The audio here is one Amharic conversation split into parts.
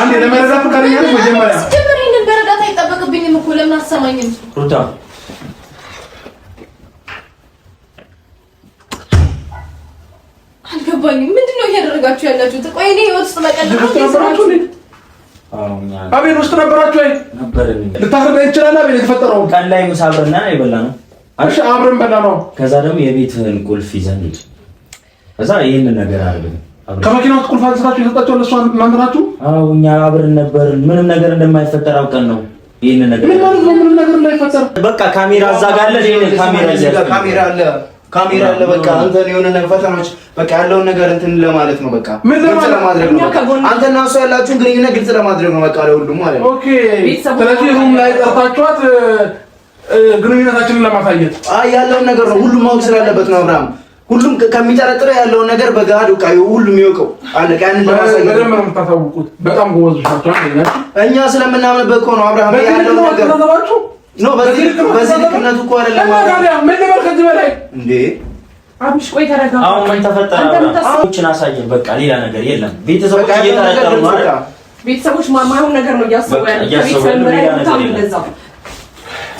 አንዴ ለመረዳት ፈቃደኛ ነሽ? መጀመሪያ ስትጀምር ይሄንን በረዳት አይጠበቅብኝም እኮ ለምን አትሰማኝም? ሩታ አልገባኝም። ምንድን ነው እያደረጋችሁ ያላችሁት? ቆይ እኔ ህይወት ውስጥ መቀለድ ነው ነበራችሁ? አቤል ውስጥ ነበራችሁ? አይ ነበርን። ልታስረዳ ይችላል። አቤል የተፈጠረው ቀን ላይ ምሳ አብረን ነው የበላነው። እሺ አብረን በላ ነው። ከዛ ደግሞ የቤትህን ቁልፍ ይዘን እዛ ይሄንን ነገር አድርገን ከመኪናው ቁልፍ አንስታችሁ የሰጣችሁ ለእሷ እናንተ ናችሁ? አዎ እኛ አብረን ነበርን። ምንም ነገር እንደማይፈጠር አውቀን ነው ይሄንን ነገር ምን ማለት ነው? ምንም ነገር እንዳይፈጠር በቃ ካሜራ እዛ ጋር አለ። ይሄን ካሜራ እዛ ካሜራ አለ ካሜራ አለ። በቃ አንተ የሆነ ፈተናዎች በቃ ያለውን ነገር እንትን ለማለት ነው። በቃ ምን ለማድረግ ነው? አንተ እና እሷ ያላችሁን ግንኙነት ግልጽ ለማድረግ ነው። በቃ ለሁሉም ማለት ነው። ኦኬ። ስለዚህ ሩም ላይ ጠርታችኋት ግንኙነታችንን ለማሳየት አይ ያለውን ነገር ነው ሁሉም ማወቅ ስላለበት ነው አብርሃም ሁሉም ከሚጠረጥረው ያለውን ነገር በገሃድ በቃ ሁሉም የሚወቀው አለ። በጣም እኛ ስለምናምንበት እኮ ነው አብርሃም ያለው ነገር ነው። በዚህ በዚህ ልክነቱ እኮ አይደለም ምን ከዚህ በላይ እንዴ አብሽ ቆይ አሁን ተፈጠረ? አሳየን። በቃ ሌላ ነገር የለም። ቤተሰቦች ነው። ነገር ነው እያሰቡ ያለው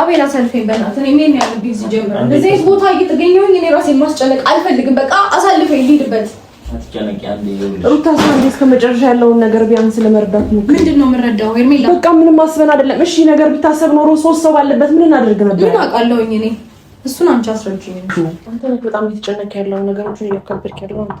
አቤላ ሰልፌን በእናትህ እኔ ምን ያለ ቢዚ ጀምራ እንደዚህ አይነት ቦታ እየተገኘሁኝ እኔ ራሴን ማስጨነቅ አልፈልግም። በቃ አሳልፈኝ ልሂድበት። ሩታ እስከ መጨረሻ ያለውን ነገር ቢያንስ ለመርዳት ነው። ምንድን ነው የምንረዳው? ሄርሜላ በቃ ምንም አስበን አይደለም። እሺ ነገር ቢታሰብ ኖሮ ሶስት ሰው ባለበት ምን እናደርግ ነበር? ምን አውቃለሁኝ እኔ። እሱን አንቺ አስረጅኝ። አንተ በጣም እየተጨነቅ ያለውን ነገሮችን እያከበድክ ያለው አንተ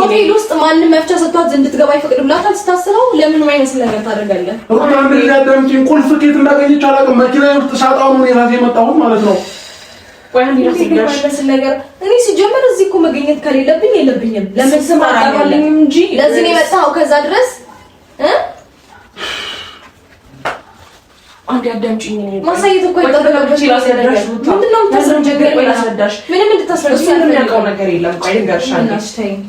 ሆቴል ውስጥ ማንም መፍቻ ሰጥቷት እንድትገባ ይፈቅድላታል? ስታስበው ለምን አይነት ነገር ታደርጋለህ? ቁልፍ ኬት እንዳገኘች አላውቅም። መኪና ውስጥ ሳጣው ነው የራሴ የመጣሁት ማለት ነው። ነገር እኔ እዚህ እኮ መገኘት ከሌለብኝ የለብኝም። ለምን ስም እንጂ ለዚህ ነው ከዛ ድረስ እንዲያዳምጪኝ ማሳየት እኮ ይጠበቅብሽ። ምንም እንድታስረዳሽ ነገር የለም።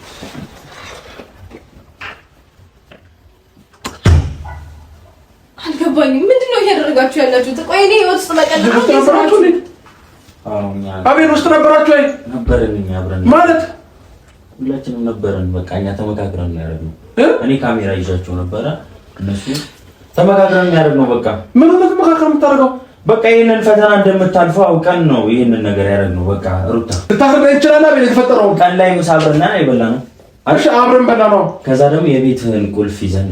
አልገባኝም። ምንድን ነው እያደረጋችሁ ያላችሁት? ቆይ እኔ ህይወት ውስጥ መቀለድ ነው ነበራችሁ። አቤት ውስጥ ነበራችሁ? አይ ነበርን፣ እኛ አብረን ማለት ሁላችንም ነበርን። በቃ እኛ ተመካክረን ያደረግነው። እኔ ካሜራ ይዣቸው ነበረ፣ እነሱ ተመካክረን ነው ያደረግነው። በቃ ምን ነው ተመካክረን የምታደርገው? በቃ ይሄንን ፈተና እንደምታልፈው አውቀን ነው ይሄንን ነገር ያደረግነው። በቃ ሩታ ልታፈቅረ ይችላል። አቤት የተፈጠረው ቀን ላይ ምሳ አብረን የበላነው እሺ፣ አብረን በላ ነው። ከዛ ደግሞ የቤትህን ቁልፍ ይዘን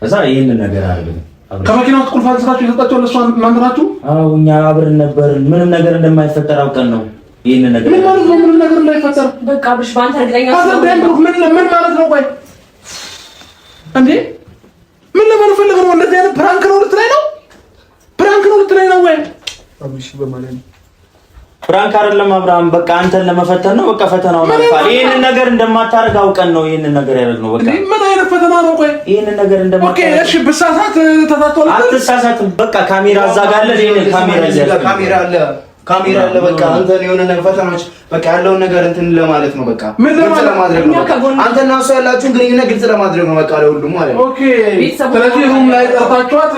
ከዛ ይህንን ነገር አድርገን ከመኪናው ውስጥ ቁልፍ አንስታችሁ የሰጣችሁ ለእሷ እናንተ ናችሁ? አዎ እኛ አብረን ነበርን። ምንም ነገር እንደማይፈጠር አውቀን ነው ይሄን ነገር ምን ማለት ነው? ምንም ነገር እንደማይፈጠር በቃ ብሽ ባንተ እርግጠኛ ምን ምን ማለት ነው? ቆይ እንዴ ምን ለማለት ፈልገህ ነው? እንደዚህ አይነት ፕራንክ ነው ልትለኝ ነው? ፕራንክ ነው ልትለኝ ነው ወይ? አብሽ በማለት ነው ፍራንክ አይደለም አብርሃም፣ በቃ አንተን ለመፈተን ነው። በቃ ፈተናውን አልፋል። ይሄንን ነገር እንደማታረግ አውቀን ነው ይሄንን ነገር ያደረግነው። በቃ ምን አይነት ፈተና ነው? ቆይ ይሄንን ነገር እንደማታረግ ኦኬ፣ እሺ። ብሳሳት ተሳስተዋል። አትሳሳትም። በቃ ካሜራ እዛ ጋር አለ። ይሄን ካሜራ እዛ ካሜራ አለ ካሜራ አለ። በቃ አንተ የሆነ ነገር ፈተናዎች በቃ ያለውን ነገር እንትን ለማለት ነው። በቃ ምን ለማድረግ ነው? አንተ እና እሱ ያላችሁን ግንኙነት ግልጽ ለማድረግ ነው። በቃ ለሁሉም ማለት ነው። ኦኬ። ስለዚህ ሁሉም ላይ ጠርታችኋት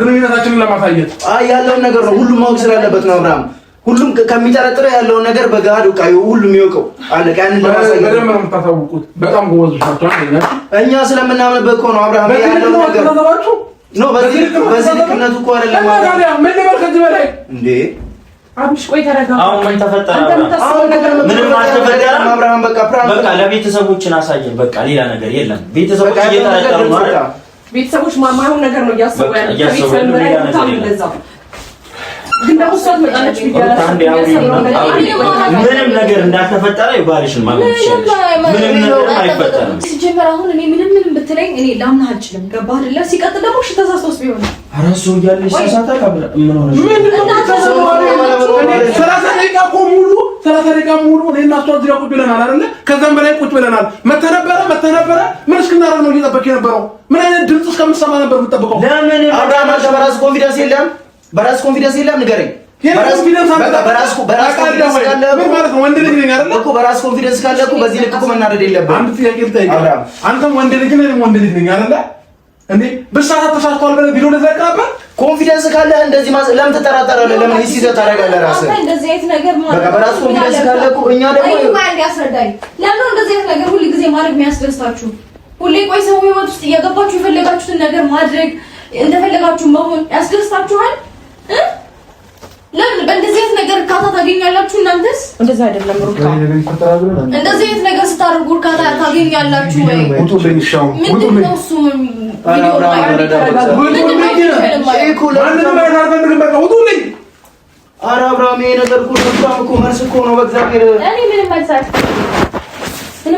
ግንኙነታችንን ለማሳየት አይ ያለውን ነገር ነው ሁሉም ማወቅ ስላለበት ነው አብርሃም ሁሉም ከሚጠረጥረው ያለውን ነገር በገሃድ ዕውቃ ሁሉም ይወቀው። አለ። ያንን ለማሳየት በጣም ጎበዝ ናቸው። እኛ ስለምናምንበት እኮ ነው አብርሃም ያለው ነገር ነው። በዚህ በዚህ ልክነቱ እኮ አይደለም ምን ከዚህ በቃ ለቤተሰቦችን አሳየን። በቃ ሌላ ነገር የለም። ቤተሰቦች እየተረዳሩ ነው። ቤተሰቦች ነገር ነው እያሰቡ ያለው። ቤተሰብ ላይ ታምለዛው ምንም ነገር እንዳልተፈጠረ ባልሽን ማለት እኔ ምንም ምንም ብትለኝ እኔ ላምንህ ሰላሳ ደቂቃ ሙሉ እኔ እና እሷ እዚህ ቁጭ ብለናል አይደለ? ከዛም በላይ ቁጭ ብለናል። መተህ ነበረ መተህ ነበረ ምን እስክናደርግ ነው እየጠበቅህ የነበረው? ምን አይነት ድምፅ እስከምትሰማ ነበር የምትጠብቀው? ለምን አብርሃም አንተ ኮንፊደንስ የለህም? በራስ ኮንፊደንስ የለም፣ ንገረኝ። በራስ ኮንፊደንስ ካለ እኮ በዚህ ልክ እኮ መናደድ የለብህ። አንድ ጥያቄ ልጠይቅህ። አንተም ወንድ ልጅ ነህ፣ ወንድ ልጅ ነኝ አይደለ እንዴ? ብሳታ ተሳስተዋል ብለህ ቢሮ ለዘቃ ነበር። ኮንፊደንስ ካለ እንደዚህ ማዘ ለምን ትጠራጠራለህ? ለምን ይሲዘ ታደርጋለህ? ራስህ እንደዚህ አይነት ነገር ማለት በቃ በራስ ኮንፊደንስ ካለ እኮ እኛ ደግሞ ማን ያስረዳኝ? ለምን እንደዚህ አይነት ነገር ሁሉ ጊዜ ማድረግ የሚያስደስታችሁ? ሁሌ ቆይ ሰው ህይወት ውስጥ እየገባችሁ የፈለጋችሁትን ነገር ማድረግ እንደፈለጋችሁ መሆን ያስደስታችኋል? ለምን በእንደዚህ አይነት ነገር እርካታ ታገኛላችሁ? እናንተስ እንደዛ አይደለም። ሩታ እንደዚህ አይነት ነገር ስታደርጉ እርካታ ታገኛላችሁ ወይ? ኧረ አብርሃም ይሄ ነገር እኮ እኮ መልስ እኮ ነው። በእግዚአብሔር እኔ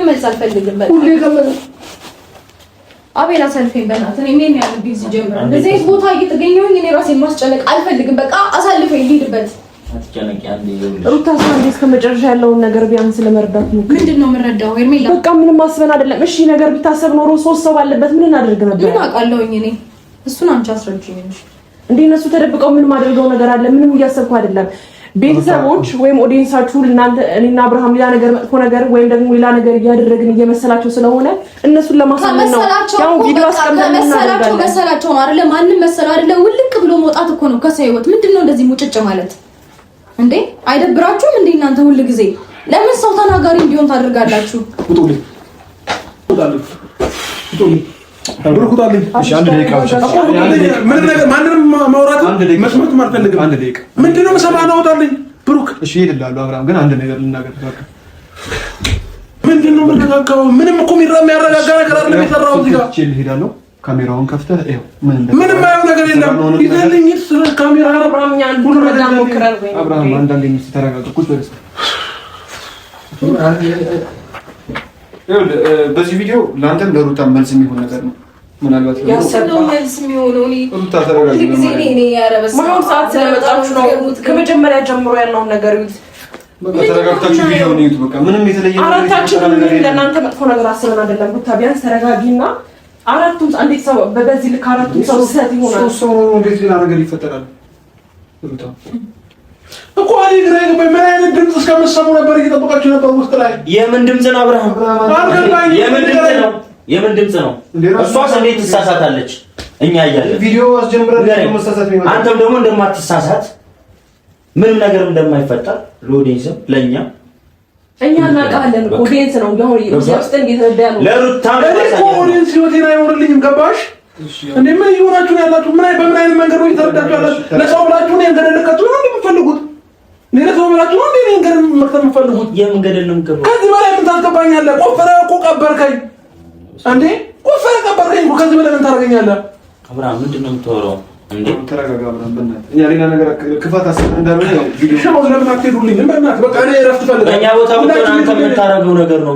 አቤላ ሰልፌን በእናትህ እኔ ምን ያለ ቢዚ ጀምራ እንደዚህ ቦታ እየተገኘው እኔ ራሴን ማስጨነቅ አልፈልግም። በቃ አሳልፈኝ ልሂድበት። ሩታ እስከ መጨረሻ ያለውን ነገር ቢያንስ ለመርዳት ነው። ምንድን ነው የምንረዳው? ሄርሜላ በቃ ምንም አስበን አይደለም። እሺ ነገር ቢታሰብ ኖሮ ሶስት ሰው ባለበት ምን እናደርግ ነበር? ምን አውቃለሁኝ እኔ። እሱን አንቺ አስረጅኝ እንጂ እነሱ ተደብቀው ምንም አድርገው ነገር አለ። ምንም እያሰብኩ አይደለም ቤተሰቦች ወይም ኦዲየንሳችሁ እናንተ እኔና አብርሃም ሌላ ነገር መጥፎ ነገር ወይም ደግሞ ሌላ ነገር እያደረግን እየመሰላቸው ስለሆነ እነሱን ለማሳመን ነው። ያው ቪዲዮ አስቀምጠን መሰላቸው መሰላቸው ነው አይደለ? ማንም መሰለው አይደለ? ውልቅ ብሎ መውጣት እኮ ነው ከሰው ህይወት። ምንድነው እንደዚህ ሙጭጭ ማለት እንዴ? አይደብራችሁም እንዴ እናንተ? ሁል ጊዜ ለምን ሰው ተናጋሪ እንዲሆን ታደርጋላችሁ? ማንንም ማውራት መስማት አልፈልግም። አውጣልኝ ብሩክ። እሺ እሄድልሃለሁ። አብርሃም ግን አንድ ነገር ልናገር። ምንድን ነው የምንረጋጋው? ምንም እኮ የሚያረጋጋ ነገር አይደለም የሰራሁት። እዚህ ጋር እሄዳለሁ። ካሜራውን ከፍተህ ይኸው። ምንም አይሆን ነገር የለም። ይዘልኝ ካሜራ አብርሃም በዚህ ቪዲዮ ለአንተም ለሩታ መልስ የሚሆን ነገር ነው። ምናልባት መልስ የሚሆነው ሩታ ተረጋጊ። ሁሉም ሰዓት ስለመጣችሁ ነው። ከመጀመሪያ ጀምሮ ያለውን ነገር ዩት ተረጋግታችሁ ቪዲዮ ዩት በቃ ምንም የተለየ አራታችን ለእናንተ መጥፎ ነገር አስበን አይደለም። ሩታ ቢያንስ ተረጋጊና አራቱም አንዴ ሰው በዚህ ልክ አራቱም ሰው ስህተት ይሆናል። ሰው ሰው እንዴት ሌላ ነገር ይፈጠራል ሩታ እኮ እኔ ግራ የገባኝ ምን አይነት ድምፅ እስከምትሰሙ ነበር እየጠበቃችሁ ነበር? ውስጥ ላይ የምን ድምፅ ነው? አብርሃም የምን ድምፅ ነው? የምን ድምፅ ነው? እሷስ እንዴት ትሳሳታለች? እኛ እያለን ቪዲዮ አስጀምረን አንተም ደግሞ እንደማትሳሳት ምንም ነገር እንደማይፈጠር ለኦዲየንስም ለእኛ እኛ እናውቃለን። ኦዲየንስ ነው ለሩታ ኦዲየንስ ህይወቴን አይኖርልኝም ገባሽ? እንዴ ምን እየሆናችሁ ነው ያላችሁ? ምን በምን አይነት መንገድ ነው ተረዳችሁ ለሰው ብላችሁ ነው ገደል ልካችሁ ነው የምትፈልጉት? ለሰው ብላችሁ ነው እንዴ ገደል መክተት የምትፈልጉት? የምን ነው የምትገባው? ከዚህ በላይ ምን ታስገባኛለህ? ቆፈረ እኮ ቀበርከኝ እንዴ ቆፈረ ቀበርከኝ። ከዚህ በላይ ምን ታደርገኛለህ? አብርሃም ምንድን ነው የምታወራው? በቃ እኔ እረፍት እፈልጋለሁ። ነገር ነው።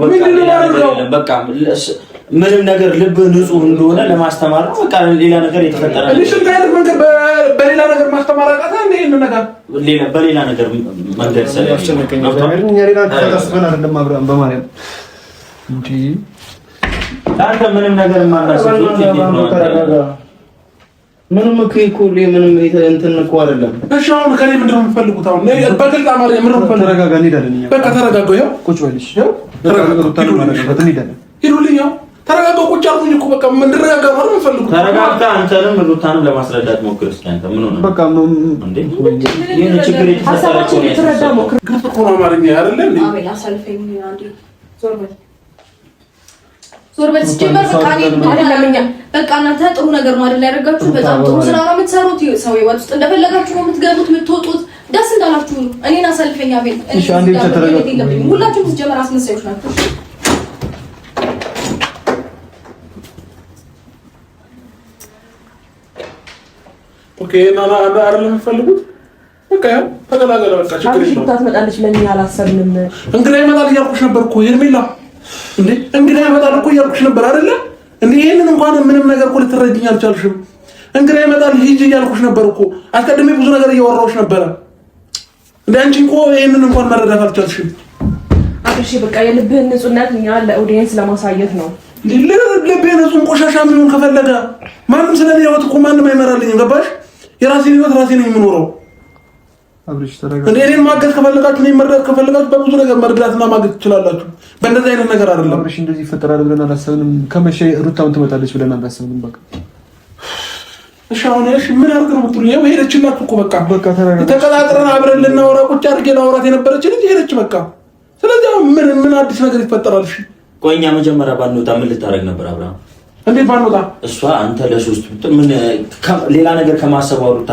በቃ ምንም ነገር ልብ ንጹህ እንደሆነ ለማስተማር ነው። በቃ ሌላ ነገር የተፈጠረ በሌላ ነገር ማስተማር አቃታ በሌላ ነገር ምንም ነገር ምንም ምንም እንትን እኮ አይደለም። እሺ አሁን ከኔ ምንድነው የምፈልጉት? አሁን በግልጽ አማርኛ ምንድነው የምትፈልጉት? ተረጋጋ፣ እንሄዳለን። በቃ ተረጋጋ። ያው ቁጭ በል። እሺ ያው ተረጋጋ። ሂዱልኝ ያው ተረጋጋ። ቁጭ አልኩኝ እኮ በቃ እንድረጋጋ ማለት ነው ተረጋጋ። አንተንም ሩታንም ለማስረዳት ሞክር እስኪ። አንተ ምን ሆነህ ነው? በቃ እናንተ ጥሩ ነገር ነው አይደል ያደረጋችሁ? በጣም ጥሩ ስራ ነው የምትሰሩት። ሰው ህይወት ውስጥ እንደፈለጋችሁ ነው የምትገቡት የምትወጡት። ደስ እንዳላችሁ እኔን አሳልፈኛ ቤት ሁላችሁም ስትጀምር አስመሳዮች ናቸው። ኦኬ እና አረ ለምትፈልጉት በቃ ተገላገለ። በቃ ችግር ታትመጣለች ለኛ አላሰብንም። እንግዳ ይመጣል እያልኩሽ ነበር እኮ ሄርሜላ። እንዴ እንግዳ ይመጣል እኮ እያልኩሽ ነበር አይደለ እንዴ? ይሄንን እንኳን ምንም ነገር እኮ ልትረጅኝ አልቻልሽም። እንግዳ ይመጣል ሂጂ እያልኩሽ ነበር እኮ አስቀድሜ ብዙ ነገር እያወራሁሽ ነበረ። እንደ አንቺ እኮ ይሄንን እንኳን መረዳት አልቻልሽም። አብርሽ በቃ የልብህን ንጹህነት እኛ ለኦዲየንስ ለማሳየት ነው። ቆሻሻ የሚሆን ከፈለገ ማንም ስለኔ ህይወት እኮ ማንም አይመራልኝም። ገባሽ? የራሴን ህይወት ራሴ ነው የምኖረው። እንደ እኔን ማገዝ ከፈለጋችሁ እኔን መርዳት ከፈለጋችሁ በብዙ ነገር መርዳትና ማገዝ ትችላላችሁ። በእንደዚህ አይነት ነገር አይደለም። አብርሽ እንደዚህ ይፈጠራል ብለን አላሰብንም። ከመቼ ሩታውን ትመጣለች ብለን አላሰብንም። በቃ እሺ፣ አሁን እሺ፣ ምን አድርገን ብትሉ ይኸው ሄደችላችሁ እኮ በቃ በቃ ተረጋጋ። ተቀጣጥረን አብረን ልናወራ ቁጭ አድርጌ ላወራት የነበረች ልጅ ሄደች በቃ። ስለዚህ ምን ምን አዲስ ነገር ይፈጠራል? እሺ፣ ቆይ እኛ መጀመሪያ ባንወጣ ምን ልታደርግ ነበር አብርሃም? እንዴት ባንወጣ? እሷ አንተ ለሶስት ምን ሌላ ነገር ከማሰብ አውሩታ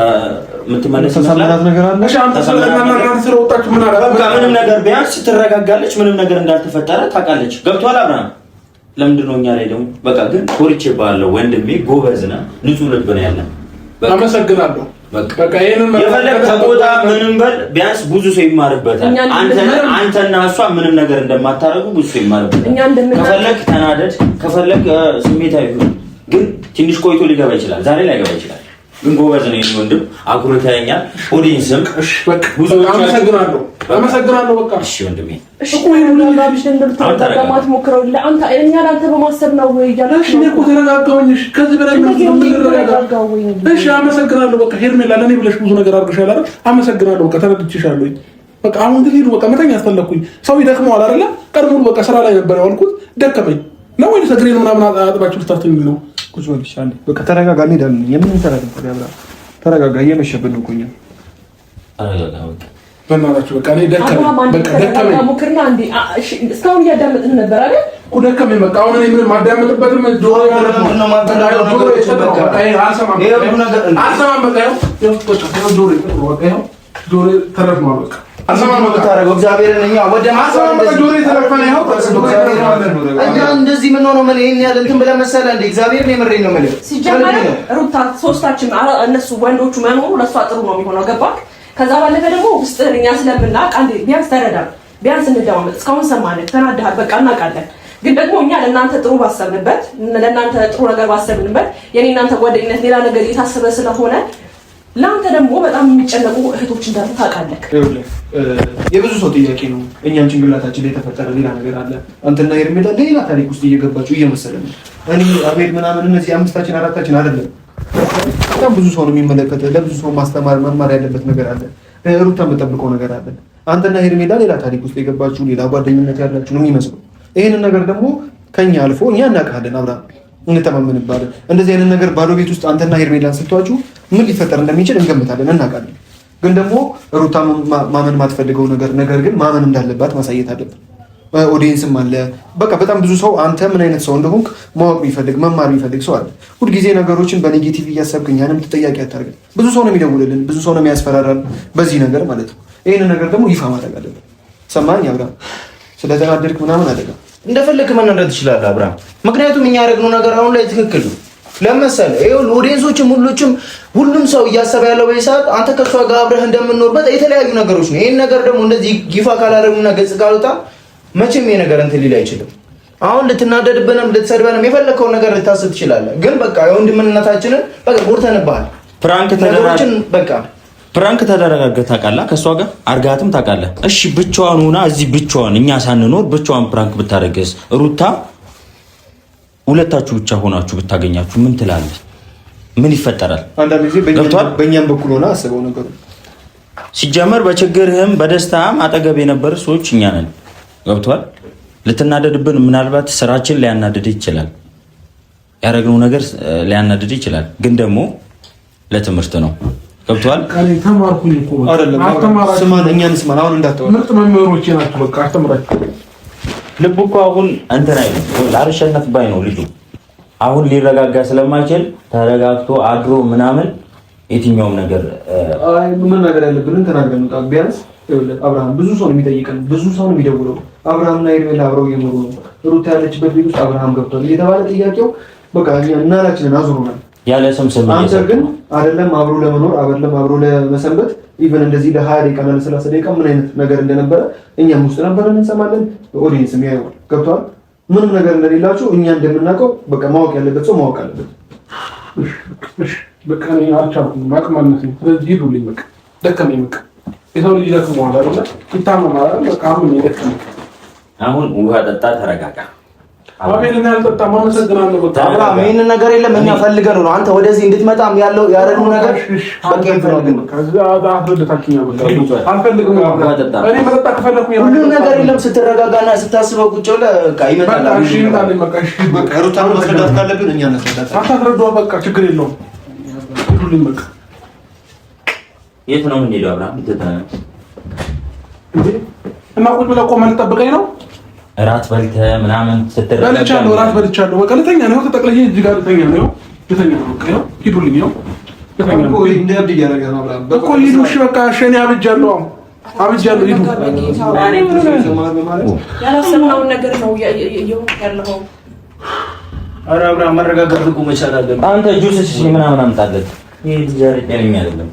የምትመለስ ተሰማናት ነገር አለ። እሺ አንተ ስለወጣች ምን አላለ? ምንም ነገር ቢያንስ ትረጋጋለች። ምንም ነገር እንዳልተፈጠረ ታውቃለች። ገብቷል አብርሃም? ለምንድን ነው እኛ ላይ ደግሞ በቃ ግን ኮርቼ ባለው ወንድሜ ጎበዝ ነህ፣ ንጹህ ልብ ነው ያለህ። አመሰግናለሁ። የፈለግ ተቆጣ ምንም በል፣ ቢያንስ ብዙ ሰው ይማርበታል። አንተና እሷ ምንም ነገር እንደማታደርጉ ብዙ ሰው ይማርበታል። ከፈለግ ተናደድ፣ ከፈለግ ስሜታዊ፣ ግን ትንሽ ቆይቶ ሊገባ ይችላል። ዛሬ ላይገባ ይችላል። ግን ጎበዝ ነው ወንድም፣ አኩርተኸኛል። ኦዲንስም አመሰግናለሁ፣ አመሰግናለሁ። በቃ እሺ ወንድሜ፣ እሺ በማሰብ ነው አመሰግናለሁ። በቃ ብለሽ ብዙ ነገር አድርገሻል አይደል? አመሰግናለሁ። በቃ ተረድቼሻለሁ። በቃ አሁን ግን በቃ መተኛ አስፈለኩኝ። ሰው ይደክመዋል አይደለ? ቀድሞ በቃ ስራ ላይ ነበር ያልኩት። ደከመኝ ነው ወይስ እግሬን ምናምን አጥባችሁ ልታስተኙ ነው? ቁጭ በል ይሻላል። በቃ ተረጋጋ፣ እንሄዳለን። የምን ተረጋጋ? ያብራ ተረጋጋ፣ እየመሸብን ነው። ቆይ ተረጋጋ። በእናታችሁ በቃ እኔ ደከመኝ፣ በቃ ደከመኝ። እስካሁን እያዳመጥን ነበር አይደል? እኮ ደከመኝ። በቃ አሁን እኔ ምንም አዳመጥበትም። ጆሮ አልሰማም፣ በቃ ጆሮ ተረግሟል። በቃ የምታደርገው እግዚአብሔርን እኛ ወደ እንደዚህ ምን ሆኖ ምን ይሄን ያህል እንትን ብለህ መሰለህ እንደ እግዚአብሔርን የምሬን ነው የምልህ። ሲጀመር ሩታ ሶስታችን እነሱ ወንዶቹ መኖሩ ለእሷ ጥሩ ነው የሚሆነው ገባህ? ከዛ ባለፈ ደግሞ ውስጥ እኛ ስለምናውቅ አንዴ ቢያንስ ተረዳን፣ ቢያንስ እንደማመጥ እስካሁን ሰማንህ፣ ተናድሃል፣ በቃ እናውቃለን። ግን ደግሞ እኛ ለእናንተ ጥሩ ባሰብንበት፣ ለእናንተ ጥሩ ነገር ባሰብንበት የኔ እናንተ ጓደኝነት ሌላ ነገር የታሰበ ስለሆነ ለአንተ ደግሞ በጣም የሚጨነቁ እህቶች እንዳሉ ታውቃለህ። የብዙ ሰው ጥያቄ ነው። እኛን ጭንቅላታችን ላይ የተፈጠረ ሌላ ነገር አለ። አንተና ሄርሜላ ሌላ ታሪክ ውስጥ እየገባችሁ እየመሰለ ነው። እኔ አቤት ምናምን እነዚህ አምስታችን አራታችን አይደለም። በጣም ብዙ ሰው ነው የሚመለከተ። ለብዙ ሰው ማስተማር መማር ያለበት ነገር አለ። ሩታ የምጠብቀው ነገር አለ። አንተና ሄርሜላ ሌላ ታሪክ ውስጥ የገባችሁ ሌላ ጓደኝነት ያላችሁ ነው የሚመስለው። ይህንን ነገር ደግሞ ከኛ አልፎ እኛ እናውቃለን፣ አብራ እንተማመንባለን። እንደዚህ አይነት ነገር ባዶ ቤት ውስጥ አንተና ሄርሜላን ስትዋችሁ ምን ሊፈጠር እንደሚችል እንገምታለን፣ እናውቃለን። ግን ደግሞ ሩታ ማመን የማትፈልገው ነገር ነገር ግን ማመን እንዳለባት ማሳየት አለብን። ኦዲየንስም አለ። በቃ በጣም ብዙ ሰው አንተ ምን አይነት ሰው እንደሆንክ ማወቅ ቢፈልግ መማር ቢፈልግ ሰው አለ። ሁልጊዜ ነገሮችን በኔጌቲቭ እያሰብክ እኛንም ተጠያቂ አታርገን። ብዙ ሰው ነው የሚደውልልን፣ ብዙ ሰው ነው የሚያስፈራራል በዚህ ነገር ማለት ነው። ይህን ነገር ደግሞ ይፋ ማድረግ አለብን። ሰማኝ አብርሃም፣ ስለተናደድክ ምናምን አደጋ እንደፈለግክ መናደድ ትችላለህ አብርሃም። ምክንያቱም እኛ ያደረግነው ነገር አሁን ላይ ትክክል ነው ለመሰለ ይሁን ኦዲየንሶችም ሁሉችም ሁሉም ሰው እያሰበ ያለው በዚህ ሰዓት አንተ ከሷ ጋር አብረህ እንደምንኖርበት የተለያዩ ነገሮች ነው። ይሄን ነገር ደግሞ እንደዚህ ይፋ ካላደረጉና ገጽ ካልወጣ መቼም ይሄ ነገር እንትን ሊል አይችልም። አሁን ልትናደድብንም ልትሰድበንም የፈለከውን ነገር ልታስብ ትችላለህ። ግን በቃ የወንድምነታችንን በቃ ጎርተንብሃል። ፕራንክ ተደረጋችን በቃ ፕራንክ ተደረጋግህ ታውቃለህ፣ ከእሷ ጋር አርጋትም ታውቃለህ። እሺ ብቻዋን ሆና እዚህ ብቻዋን እኛ ሳንኖር ብቻዋን ፕራንክ ብታደርግስ ሩታ ሁለታችሁ ብቻ ሆናችሁ ብታገኛችሁ ምን ትላለህ? ምን ይፈጠራል? አንዳንድ በእኛም በኩል ሆነ አስበው ነገሩ። ሲጀመር በችግርህም በደስታም አጠገብ የነበር ሰዎች እኛ ነን። ገብቷል? ልትናደድብን ምናልባት ስራችን ሊያናድድ ይችላል፣ ያደረግነው ነገር ሊያናድድ ይችላል። ግን ደግሞ ለትምህርት ነው። ገብቷል? ተማርኩኝ እኮ አይደለም። ስማን፣ እኛን ስማን። አሁን እንዳትወራ። ምርጥ መምህሮቼ ናቸው። በቃ አስተምራቸው ልቡ እኮ አሁን እንትን አይልም፣ ላልሸነፍ ባይ ነው ልጁ። አሁን ሊረጋጋ ስለማይችል ተረጋግቶ አድሮ ምናምን የትኛውም ነገር ምን ነገር ያለብንን ተናግረን እንውጣ። ቢያንስ አብርሃም ብዙ ሰው ነው የሚጠይቀን፣ ብዙ ሰው ነው የሚደውለው። አብርሃምና ሄርሜላ አብረው እየኖሩ ነው፣ ሩት ያለችበት ቤት ውስጥ አብርሃም ገብቷል እየተባለ ጥያቄው በቃ እናላችንን አዙሮናል። ያለ ስም ስም አንተ ግን አይደለም አብሮ ለመኖር አይደለም አብሮ ለመሰንበት ኢቨን እንደዚህ ለሀያ ደቂቃ እና ለሰላሳ ደቂቃ ምን አይነት ነገር እንደነበረ እኛም ውስጥ ነበረን እንሰማለን። ኦዲየንስ የሚያየዋል ገብቷል። ምንም ነገር እንደሌላችሁ እኛ እንደምናውቀው በቃ ማወቅ ያለበት ሰው ማወቅ አለበት። በቃ የሰው ልጅ ደክሞ ይታመማል። አሁን ውሃ ጠጣ፣ ተረጋጋ። ይህንን ነገር የለም እኛ ፈልገን ነው አንተ ወደዚህ እንድትመጣም ያለው ያደረግነው ነገር ሁሉም ነገር የለም። ስትረጋጋና ስታስበው ቁጭ ብለህ ይመጣል። ሩታን በቃ ችግር የት ነው የምንሄደው? ቁጭ ብለህ እኮ የምንጠብቀኝ ነው እራት በልተ ምናምን ስትረዳ በልቻለሁ፣ እራት በልቻለሁ። በቃ ልተኛ ነው። ተጠቅለዬ እዚህ ጋር ልተኛ ነው። ነው። በቃ ሂዱልኝ ነው። በቃ ሸኔ አብጃለሁ፣ አብጃለሁ። ሂዱ። ነገር ነው ያለው። ኧረ አብርሃም መረጋጋት እኮ መቻል አለብን። አንተ ጁስ ምናምን አምጣለት። ይሄ ልጅ አይደለም።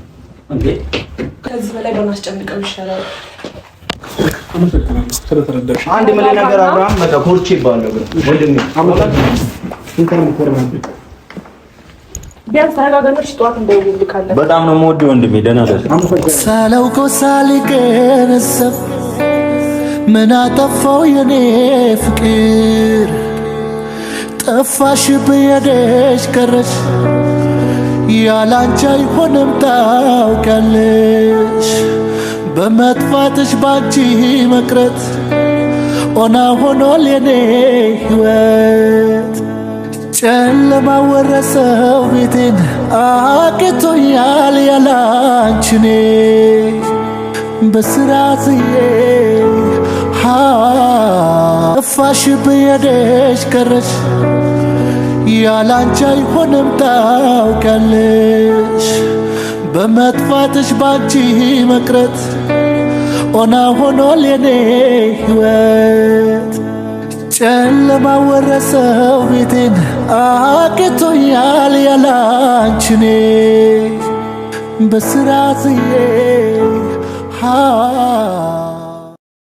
ከዚህ በላይ በማስጨንቀው ይሻላል። አንድ ምን ነገር አብርሃም መጣ ኮርቼ ይባላል በጣም ነው የምወደው ወንድሜ። ደህና ሳላውቀው ሳልገነዘብ ምን አጠፋው የኔ ፍቅር ጠፋሽ ብዬሽ ቀረሽ ያላንቺ አይሆንም ታውቂያለሽ በመጥፋትሽ ባንቺ መቅረት ኦና ሆኗል የኔ ሕይወት። ጨለማ ወረሰው ቤቴን አቅቶኛል ያላንችኔ በስራ ዝዬ እፋሽ ብየደሽ ቀረሽ ያላንቺ አይሆንም ታውቃለሽ በመጥፋትሽ ባንቺ መቅረት ኦና ሆኗል የኔ ሕይወት። ጨለማ ወረሰው ቤቴን አቅቶኛል ያላንችኔ በስራ ዝዬ